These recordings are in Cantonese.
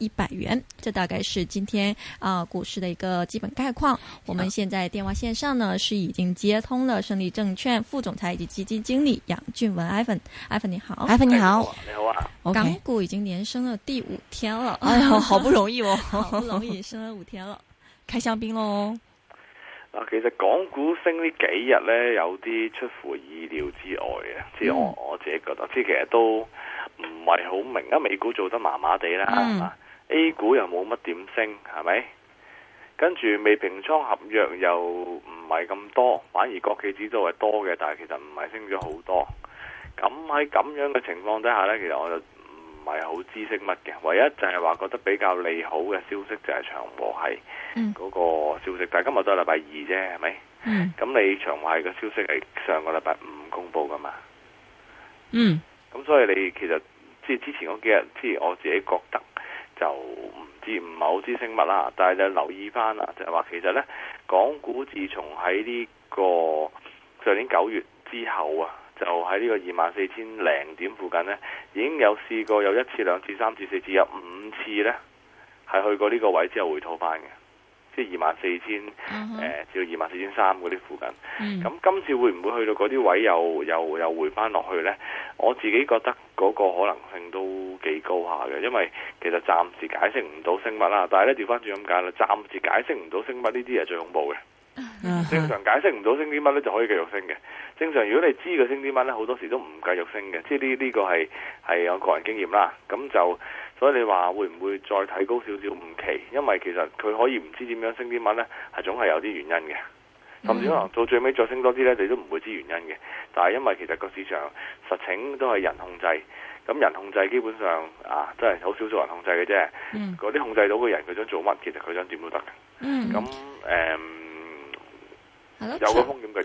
一百元，這大概是今天啊、呃、股市的一個基本概況。我們現在電話線上呢是已經接通了勝利證券副總裁以及基金經理楊俊文 Ivan，Ivan 你好 Ivan 你好，你好,你好啊。Okay 港股已經連升了第五天了， 哎呦，好不容易哦， 好不容易升了五天了，開香檳嘍。其實港股升呢幾日呢，有啲出乎意料之外嘅，即係、嗯、我我自己覺得，即係其實都唔係好明啊，美股做得麻麻地啦，A 股又冇乜點升，係咪？跟住未平倉合約又唔係咁多，反而國企指數係多嘅，但係其實唔係升咗好多。咁喺咁樣嘅情況底下呢，其實我就唔係好知識乜嘅。唯一就係話覺得比較利好嘅消息就係長和係嗰個消息。嗯、但係今日都係禮拜二啫，係咪？咁、嗯、你長和係個消息係上個禮拜五公布噶嘛？嗯。咁所以你其實即係之前嗰幾日，即係我自己覺得。就唔知，唔係好知聲物啦，但係你留意翻啦，就係話其實呢，港股自從喺呢個上年九月之後啊，就喺呢個二萬四千零點附近呢，已經有試過有一次、兩次、三次、四次，有五次呢，係去過呢個位之後回吐返嘅。即係二萬四千，誒、uh huh. 呃，至到二萬四千三嗰啲附近，咁、uh huh. 今次會唔會去到嗰啲位置又又又回翻落去呢？我自己覺得嗰個可能性都幾高下嘅，因為其實暫時解釋唔到升物啦，但係呢，調翻轉咁解啦，暫時解釋唔到升物呢啲係最恐怖嘅。嗯、正常解釋唔到升啲乜呢就可以繼續升嘅。正常如果你知佢升啲乜呢，好多時都唔繼續升嘅。即係呢呢個係係我個人經驗啦。咁就所以你話會唔會再提高少少唔奇？因為其實佢可以唔知點樣升啲乜呢，係總係有啲原因嘅。甚至可能到最尾再升多啲呢，你都唔會知原因嘅。但係因為其實個市場實情都係人控制，咁人控制基本上啊，真係好少數人控制嘅啫。嗰啲，嗯、控制到嘅人，佢想做乜，其實佢想點都得嘅。咁誒、嗯。嗯、有個風險嘅，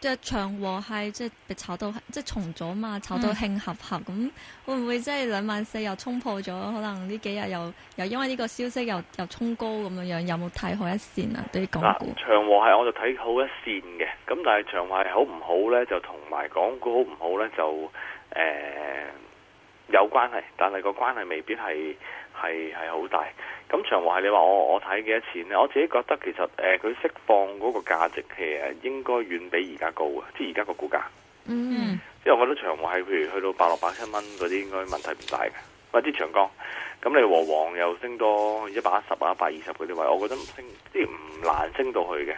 即係、哦、長和系即係被炒到即係、就是、重組嘛，炒到興合合咁，嗯、會唔會即係兩萬四又衝破咗？可能呢幾日又又因為呢個消息又又衝高咁樣樣，有冇睇好一線啊？對於港股，啊、長和系我就睇好一線嘅，咁但係長和系好唔好咧？就同埋港股好唔好咧？就誒。欸有關係，但係個關係未必係係好大。咁長和係你話我我睇幾多錢呢？我自己覺得其實佢、呃、釋放嗰個價值係誒應該遠比而家高嘅，即係而家個股價。嗯、mm，即、hmm. 係我覺得長和係譬如去到八六八七蚊嗰啲應該問題唔大嘅，或者長江咁你和黃又升多一百一十啊一百二十嗰啲位，我覺得升即唔、即係、難升到去嘅。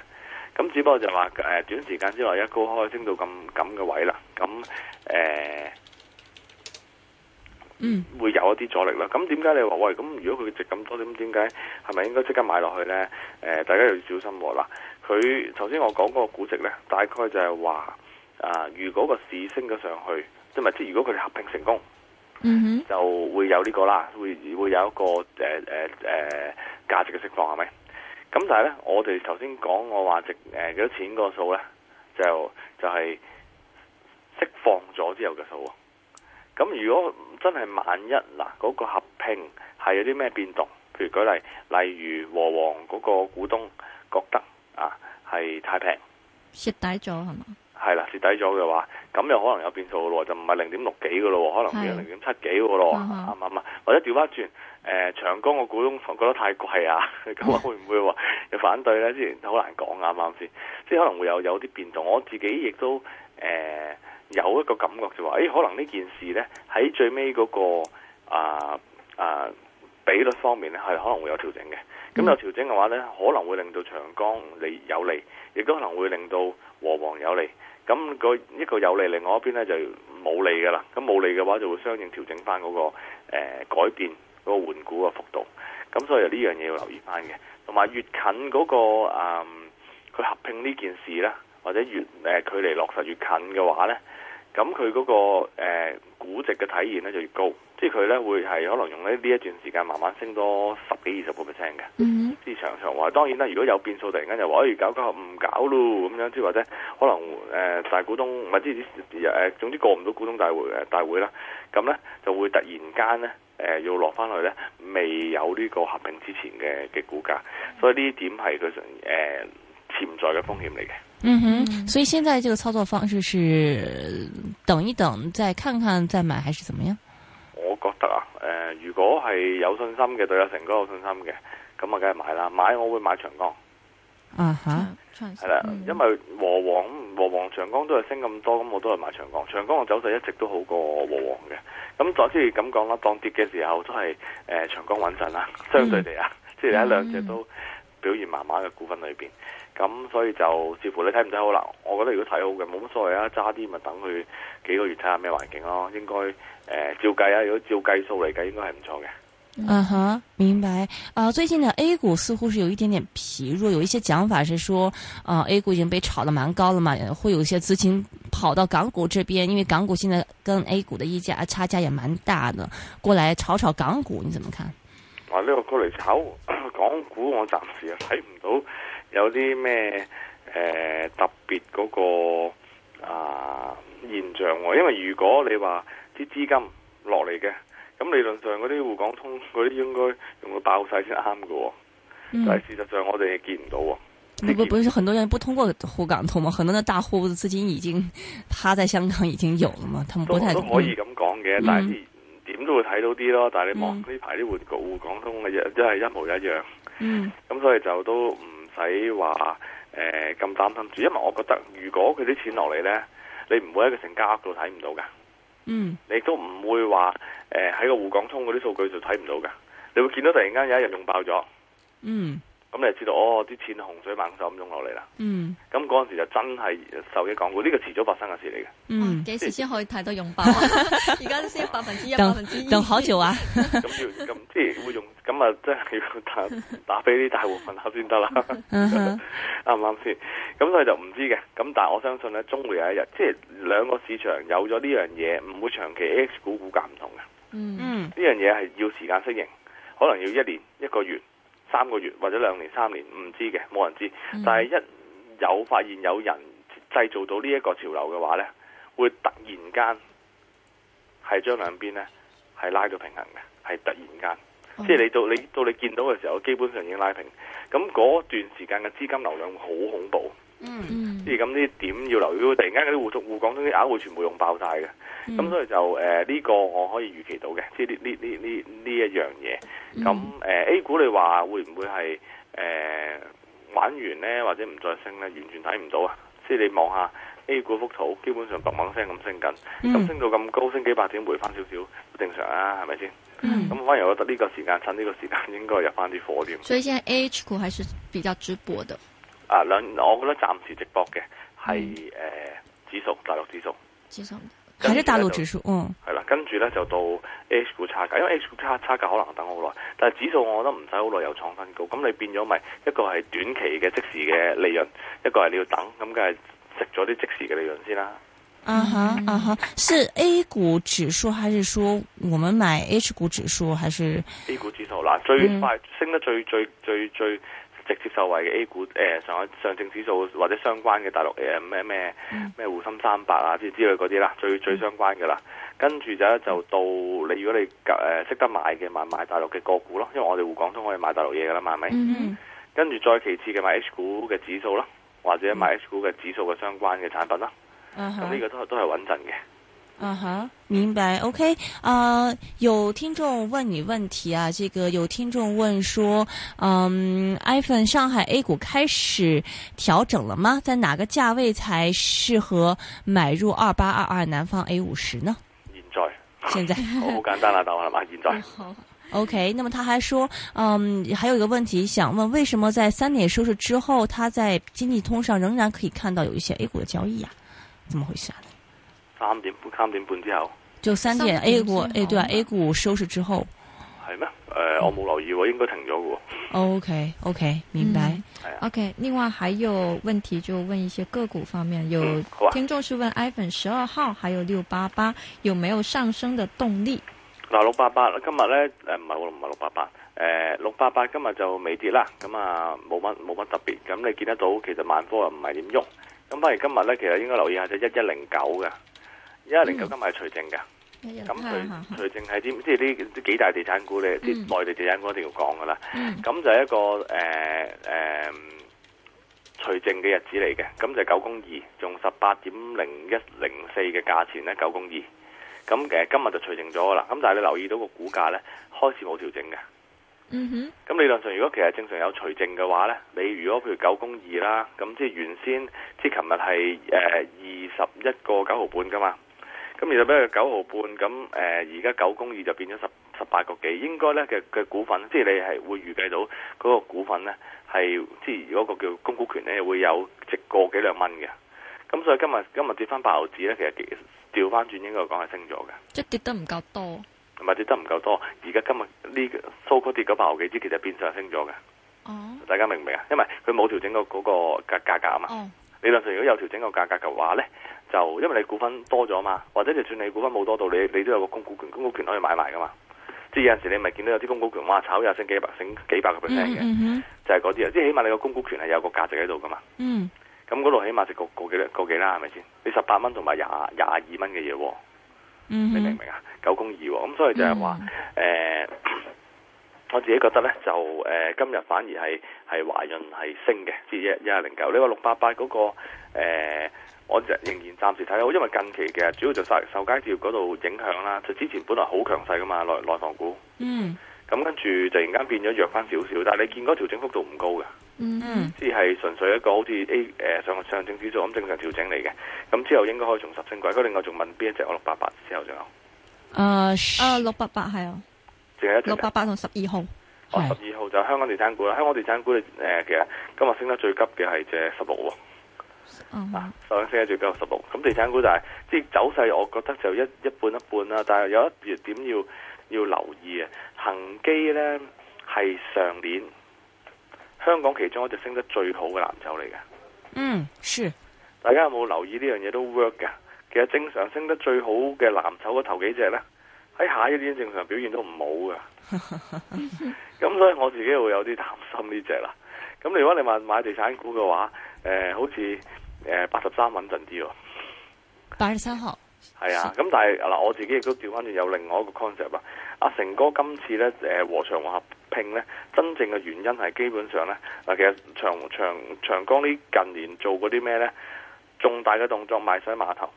咁只不過就話、呃、短時間之內一高開升到咁咁嘅位啦。咁嗯、會有一啲阻力啦，咁點解你話喂？咁如果佢值咁多，點點解係咪應該即刻買落去呢？誒、呃，大家又要小心、啊、啦。佢頭先我講嗰個估值呢，大概就係話啊，如果個市升咗上去，即係咪？即如果佢哋合併成功，嗯哼，就會有呢個啦，會會有一個誒誒誒價值嘅釋放係咪？咁但係呢，我哋頭先講我話值誒幾多錢個數呢，就就係、是、釋放咗之後嘅數。咁如果真係萬一嗱，嗰、那個合拼係有啲咩變動，譬如舉例，例如和黃嗰個股東覺得啊，係太平，蝕底咗係嘛？係啦，蝕底咗嘅話，咁又可能有變數咯，就唔係零點六幾嘅咯，可能有零點七幾嘅咯，啱唔啱？或者調翻轉，誒、呃、長江個股東覺得太貴啊，咁的 會唔會又 反對咧？之前好難講，啱唔啱先？即係可能會有有啲變動。我自己亦都誒。呃有一個感覺就話、是，誒，可能呢件事呢喺最尾嗰、那個啊啊比率方面咧係可能會有調整嘅。咁有調整嘅話呢，可能會令到長江利有利，亦都可能會令到和黃有利。咁個一個有利，另外一邊呢就冇利噶啦。咁冇利嘅話就會相應調整翻嗰、那個誒、呃、改變嗰、那個換股嘅幅度。咁所以呢樣嘢要留意翻嘅。同埋越近嗰、那個啊，佢、嗯、合併呢件事呢，或者越誒距離落實越近嘅話呢。咁佢嗰個、呃、估值嘅體現咧就越高，即係佢咧會係可能用呢呢一段時間慢慢升多十幾二十個 percent 嘅，即係長長話。當然啦，如果有變數，突然間就話誒、欸、搞搞唔搞咯，咁樣即係或者可能誒、呃、大股東唔係、呃、總之過唔到股東大會、呃、大會啦，咁咧就會突然間咧、呃、要落翻去咧未有呢個合併之前嘅嘅股價，所以呢點係佢誒，呃潛在嘅風險嚟嘅。嗯哼，所以現在這個操作方式是等一等，再看看再買，還是怎麼樣？我覺得啊，誒、呃，如果係有信心嘅，對阿成哥有信心嘅，咁啊，梗係買啦。買我會買長江，啊吓哈，係啦、嗯，因為和黃和黃長江都係升咁多，咁我都係買長江。長江嘅走勢一直都好過和黃嘅，咁再即係咁講啦。當跌嘅時候都係誒、呃，長江穩陣啦，相對地啊，嗯、即係你一兩隻都表現麻麻嘅股份裏邊。咁所以就視乎你睇唔睇好啦。我覺得如果睇好嘅冇乜所謂啊，揸啲咪等佢幾個月睇下咩環境咯。應該誒、呃、照計啊，如果照計數嚟計，應該係唔錯嘅。啊哈、uh huh，明白。啊，最近呢 A 股似乎是有一點點疲弱，有一些講法是說，啊 A 股已經被炒得蠻高了嘛，會有一些資金跑到港股這邊，因為港股現在跟 A 股的溢價差價也蠻大的，過來炒炒港股，你怎麼看？啊，呢、這個過嚟炒港股，我暫時啊睇唔到。有啲咩誒特別嗰、那個啊現象喎？因為如果你話啲資金落嚟嘅，咁理論上嗰啲滬港通嗰啲應該用到爆晒先啱嘅喎，嗯、但係事實上我哋見唔到喎、嗯。不不是很多人不通過滬港通嘛？很多嘅大戶資金已經喺在香港已經有了嘛？他們不太都、嗯、都可以咁講嘅，嗯、但係點、嗯、都會睇到啲咯。但係你望呢排啲滬股滬港通嘅嘢真係一模一樣，咁、嗯嗯、所以就都。使話誒咁擔心住，因為我覺得如果佢啲錢落嚟咧，你唔會喺個成交額度睇唔到嘅。嗯，你都唔會話誒喺個滬港通嗰啲數據就睇唔到嘅。你會見到突然間有一日用爆咗。嗯，咁你就知道哦，啲錢洪水猛獸咁湧落嚟啦。嗯，咁嗰陣時就真係受益港股，呢個遲早發生嘅事嚟嘅。嗯，幾時先可以睇到用爆啊？而家先百分之一、百分之一用好久啊！咁即係會用。咁啊，真係要打打俾啲大戶問下先得啦，啱唔啱先？咁 所以就唔知嘅。咁但係我相信咧，終會有一日，即、就、係、是、兩個市場有咗呢樣嘢，唔會長期 A 股股價唔同嘅。嗯嗯，呢樣嘢係要時間適應，可能要一年、一個月、三個月或者兩年、三年，唔知嘅，冇人知。嗯、但係一有發現有人製造到呢一個潮流嘅話咧，會突然間係將兩邊咧係拉到平衡嘅，係突然間。即係你到你到你見到嘅時候，基本上已經拉平。咁嗰段時間嘅資金流量好恐怖。嗯，即係咁呢點要留意，突然間嗰啲互中滬港啲額會全部用爆晒嘅。咁、嗯、所以就誒呢個我可以預期到嘅，即係呢呢呢呢一樣嘢。咁誒 A 股你話會唔會係誒、呃、玩完呢？或者唔再升呢？完全睇唔到啊！即係你望下 A 股幅圖，基本上嘣嗡聲咁升緊，咁、嗯、升到咁高，升幾百點回翻少少正常啊，係咪先？咁、嗯嗯、反而我覺得呢個時間，趁呢個時間應該入翻啲貨添。所以現在 A H 股還是比較值博的。啊，兩我覺得暫時值博嘅係誒指數，大陸指數。指數，還是大陸指數，到嗯。係啦，跟住呢就到 A H 股差價，因為 A H 股差差價可能等好耐，但係指數我覺得唔使好耐有創新高。咁你變咗咪一個係短期嘅即時嘅利潤，一個係你要等，咁梗係食咗啲即時嘅利潤先啦。啊哈啊哈，uh huh, uh huh. 是 A 股指數，還是說我們買 H 股指數，還是 A 股指數啦？最快，嗯、升得最最最最直接受惠嘅 A 股誒，呃，上上證指數或者相關嘅大陸誒咩咩咩滬深三百啊之之類嗰啲啦，最，嗯、最相關嘅啦。跟住就就到你如果你誒識，呃、得買嘅買買大陸嘅個股咯，因為我哋滬港通可以買大陸嘢噶啦嘛，係咪？嗯嗯、跟住再其次嘅買 H 股嘅指數啦，或者買 H 股嘅指數嘅相關嘅產品啦。咁呢、嗯，這個都都係穩陣嘅。啊哈、uh，huh. 明白。OK，啊、呃，有聽眾問你問題啊，這個有聽眾問說，嗯，iPhone 上海 A 股開始調整了嗎？在哪個價位才適合買入二八二二南方 A 五十呢？現在，現在好簡單啦，答案係嘛？現在。OK，那麼他還說，嗯，還有一個問題想問，為什麼在三點收市之後，他在經濟通上仍然可以看到有一些 A 股的交易啊？怎麼回事、啊？三點半，三點半之後就三點 A 股誒，對 A 股收市之後係咩？誒、呃，我冇留意喎，嗯、應該停咗喎。OK OK，明白。嗯、OK，另外還有問題就問一些個股方面，有聽眾是問 iPhone 十二號，還有六八八有沒有上升的動力？嗱、嗯，六八八今日咧誒，唔係唔係六八八，誒，六八八今日就微跌啦，咁啊冇乜冇乜特別，咁你見得到其實萬科啊唔係點喐。咁反而今日咧，其實應該留意下就一一零九嘅，一一零九今日係除淨嘅，咁除除淨係啲即係啲啲幾大地產股咧，啲內地地產股一定要講嘅啦。咁、mm hmm. 就一個誒誒除淨嘅日子嚟嘅，咁就九公二，用十八點零一零四嘅價錢咧，九公二，咁、呃、誒今日就除淨咗啦。咁但係你留意到個股價咧，開始冇調整嘅。嗯哼，咁理論上如果其實正常有除淨嘅話咧，你如果譬如九公二啦，咁即係原先即係琴日係誒二十一個九毫半噶嘛，咁而家變佢九毫半，咁誒而家九公二就變咗十十八個幾，應該咧嘅嘅股份，即係你係會預計到嗰個股份咧係即係如果個叫供股權咧會有值個幾兩蚊嘅，咁所以今，今日今日跌翻八毫紙咧，其實掉翻轉應該講係升咗嘅，即係跌得唔夠多。或者得唔夠多，而家今日呢收嗰跌嗰百毫幾支，其實變相升咗嘅。嗯、大家明唔明啊？因為佢冇調整過嗰個價格啊嘛。嗯、理論上如果有調整過個價格嘅話咧，就因為你股份多咗嘛，或者就算你股份冇多到，你你都有個供股權，供股權可以買賣噶嘛。即係有陣時候你咪見到有啲供股權哇，炒又升幾百升幾百個 percent 嘅，嗯嗯嗯、就係嗰啲啊。即係起碼你個供股權係有個價值喺度噶嘛。咁嗰度起碼值個幾個幾啦，係咪先？你十八蚊同埋廿廿二蚊嘅嘢喎。你明唔明啊？Mm hmm. 九公二喎，咁所以就係話，誒、mm hmm. 呃，我自己覺得咧，就誒、呃、今日反而係係華潤係升嘅，至一一零九。你話六八八嗰個誒，我仍然暫時睇好，因為近期嘅主要就受受街市嗰度影響啦。就之前本來好強勢噶嘛，內內房股。嗯、mm。咁、hmm. 跟住突然間變咗弱翻少少，但係你見嗰調整幅度唔高嘅。嗯嗯，即係純粹一個好似 A 誒、呃、上上證指數咁正常調整嚟嘅，咁之後應該可以從十星軌。佢另外仲問邊一隻六八八之後仲有？誒誒、uh, sh，六八八係啊，仲有、啊、一隻六八八同十二號。哦，十二是號就是香港地產股啦。香港地產股誒、呃，其實今日升得最急嘅係即係十六。嗯、huh.、啊，上升得最急十六。咁地產股就係即係走勢，我覺得就一一半一半啦、啊。但係有一,一點要要留意啊，恒基咧係上年。香港其中一隻升得最好嘅藍籌嚟嘅，嗯是。大家有冇留意呢樣嘢都 work 嘅？其實正常升得最好嘅藍籌嘅頭幾隻呢，喺下一年正常表現都唔好噶。咁所以我自己會有啲擔心呢隻啦。咁如果你問買地產股嘅話，誒、呃，好似誒八十三穩陣啲喎。八十三號。係啊，咁是但係嗱，我自己亦都調翻轉，有另外一個 concept 啊。阿、啊、成哥今次咧，誒和長和合拼咧，真正嘅原因係基本上咧，嗱其實長長長江呢近年做嗰啲咩咧，重大嘅動作賣曬碼頭，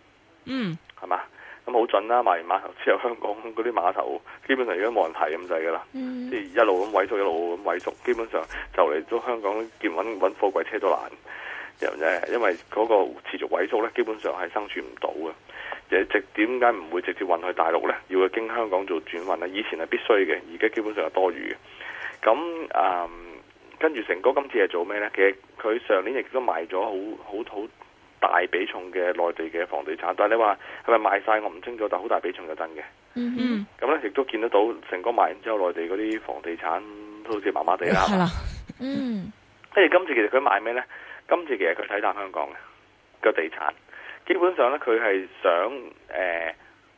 嗯，係嘛？咁好準啦、啊，賣完碼頭之後，香港嗰啲碼頭基本上已經冇人睇咁滯噶啦，即係、嗯、一路咁萎縮，一路咁萎縮，基本上就嚟都香港見揾揾貨櫃車都難，因為因為嗰個持續萎縮咧，基本上係生存唔到嘅。嘢點解唔會直接運去大陸呢？要經香港做轉運呢？以前係必須嘅，而家基本上係多餘嘅。咁啊，跟、嗯、住成哥今次係做咩呢？其實佢上年亦都賣咗好好好大比重嘅內地嘅房地產，但你話係咪賣晒，我唔清楚，但係好大比重係真嘅、嗯嗯嗯。嗯咁呢亦都見得到成哥賣完之後，內地嗰啲房地產都好似麻麻地啦。嗯，吧嗯。跟住今次其實佢買咩呢？今次其實佢睇淡香港嘅個地產。基本上咧，佢係想誒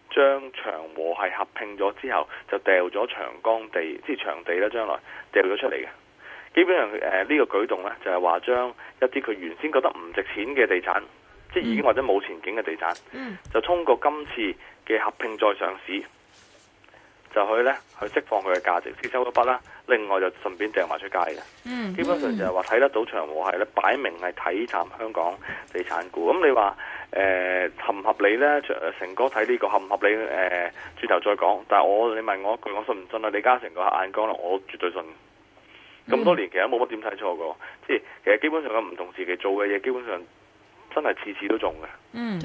將長和係合併咗之後，就掉咗長江地，即係長地咧，將來掉咗出嚟嘅。基本上誒呢個舉動咧，就係話將一啲佢原先覺得唔值錢嘅地產，即係已經或者冇前景嘅地產，就通過今次嘅合併再上市，就去咧去釋放佢嘅價值，先收一筆啦。另外就順便掟埋出街嘅。嗯，基本上就係話睇得到長和係咧，擺明係睇淡香港地產股。咁你話？誒、呃、合唔合理咧？成哥睇呢、呢個合唔合理？誒轉頭再講。但係我你問我一句，我信唔信啊？李嘉誠個眼光啦，我絕對信。咁、嗯、多年其實冇乜點睇錯過，即係其實基本上嘅唔同時期做嘅嘢，基本上。真係次次都中嘅。嗯，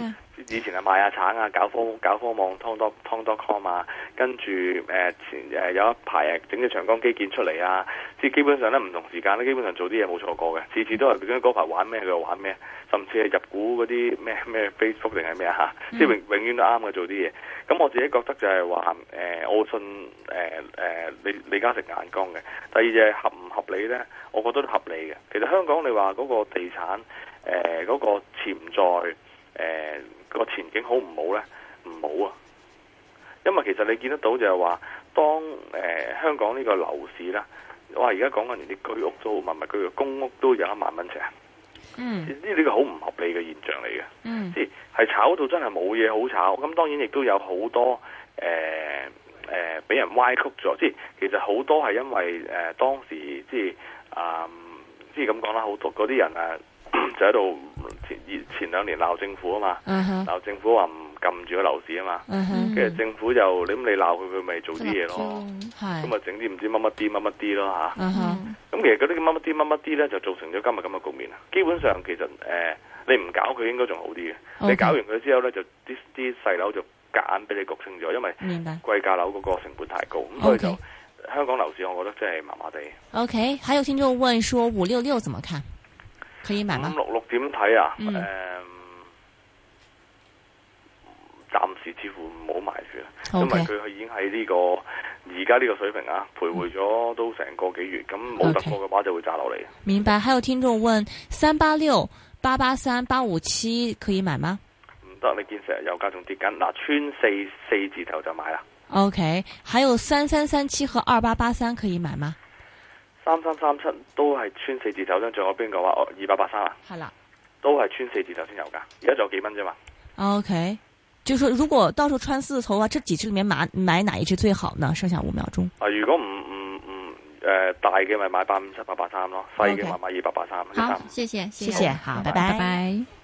以前係賣下、啊、橙、嗯、啊，搞科搞科網 tom.com、tom.com 啊。跟住誒、呃、前誒、呃、有一排整啲長江基建出嚟啊。即係基本上咧，唔同時間咧，基本上做啲嘢冇錯過嘅。次次都係佢嗰排玩咩，佢就玩咩。甚至係入股嗰啲咩咩 Facebook 定係咩嚇，啊嗯、即永永遠都啱嘅做啲嘢。咁、嗯、我自己覺得就係話誒，我信誒誒、呃呃、李李嘉誠眼光嘅。第二就係合唔合理咧？我覺得都合理嘅。其實香港你話嗰個地產。誒嗰、呃那個潛在誒、呃那個前景好唔好咧？唔好啊！因為其實你見得到就係話，當誒、呃、香港呢個樓市啦，我話而家講緊連啲居屋都唔係唔居居公屋都有一萬蚊尺。嗯，呢個好唔合理嘅現象嚟嘅。嗯，即係炒到真係冇嘢好炒。咁當然亦都有好多誒誒俾人歪曲咗。即係其實好多係因為誒、呃、當時即係啊，即係咁講啦，好多嗰啲人啊。就喺度前前兩年鬧政府啊嘛，鬧、uh huh. 政府話唔撳住個樓市啊嘛，uh huh. 其實政府就你咁你鬧佢，佢咪做啲嘢咯，咁啊整啲唔知乜乜啲乜乜啲咯吓，咁、uh huh. 嗯、其實嗰啲乜乜啲乜乜啲咧就造成咗今日咁嘅局面啊！基本上其實誒、呃、你唔搞佢應該仲好啲嘅，Okay. 你搞完佢之後咧就啲啲細樓就夾硬俾你焗清咗，因為貴價樓嗰個成本太高，咁 Okay. 所以就香港樓市我覺得真係麻麻地。Okay. OK，還有聽眾問說五六六怎麼看？可以買嗎？咁六六點睇啊？誒、嗯，暫、嗯、時似乎唔好買住啦，okay, 因為佢已經喺呢、這個而家呢個水平啊，徘徊咗都成個幾月，咁冇、嗯、得過嘅話就會炸落嚟。Okay, 明白。還有聽眾問：三八六八八三八五七可以買嗎？唔得了，你見成日油價仲跌緊，嗱，穿四四字頭就買啦。OK，還有三三三七和二八八三可以買嗎？三三三七都係穿四字頭，跟住我邊個話？哦，二百八三啊，係啦了，都係穿四字頭先有㗎。而家仲有幾蚊啫嘛。OK，就是說，如果到時候穿四字頭啊，這幾隻裏面買買哪一隻最好呢？剩下五秒鐘。啊，如果唔唔唔誒大嘅咪買八五七八八三咯，細嘅咪買二百八三。好，謝謝，謝謝，okay, 好，拜拜拜。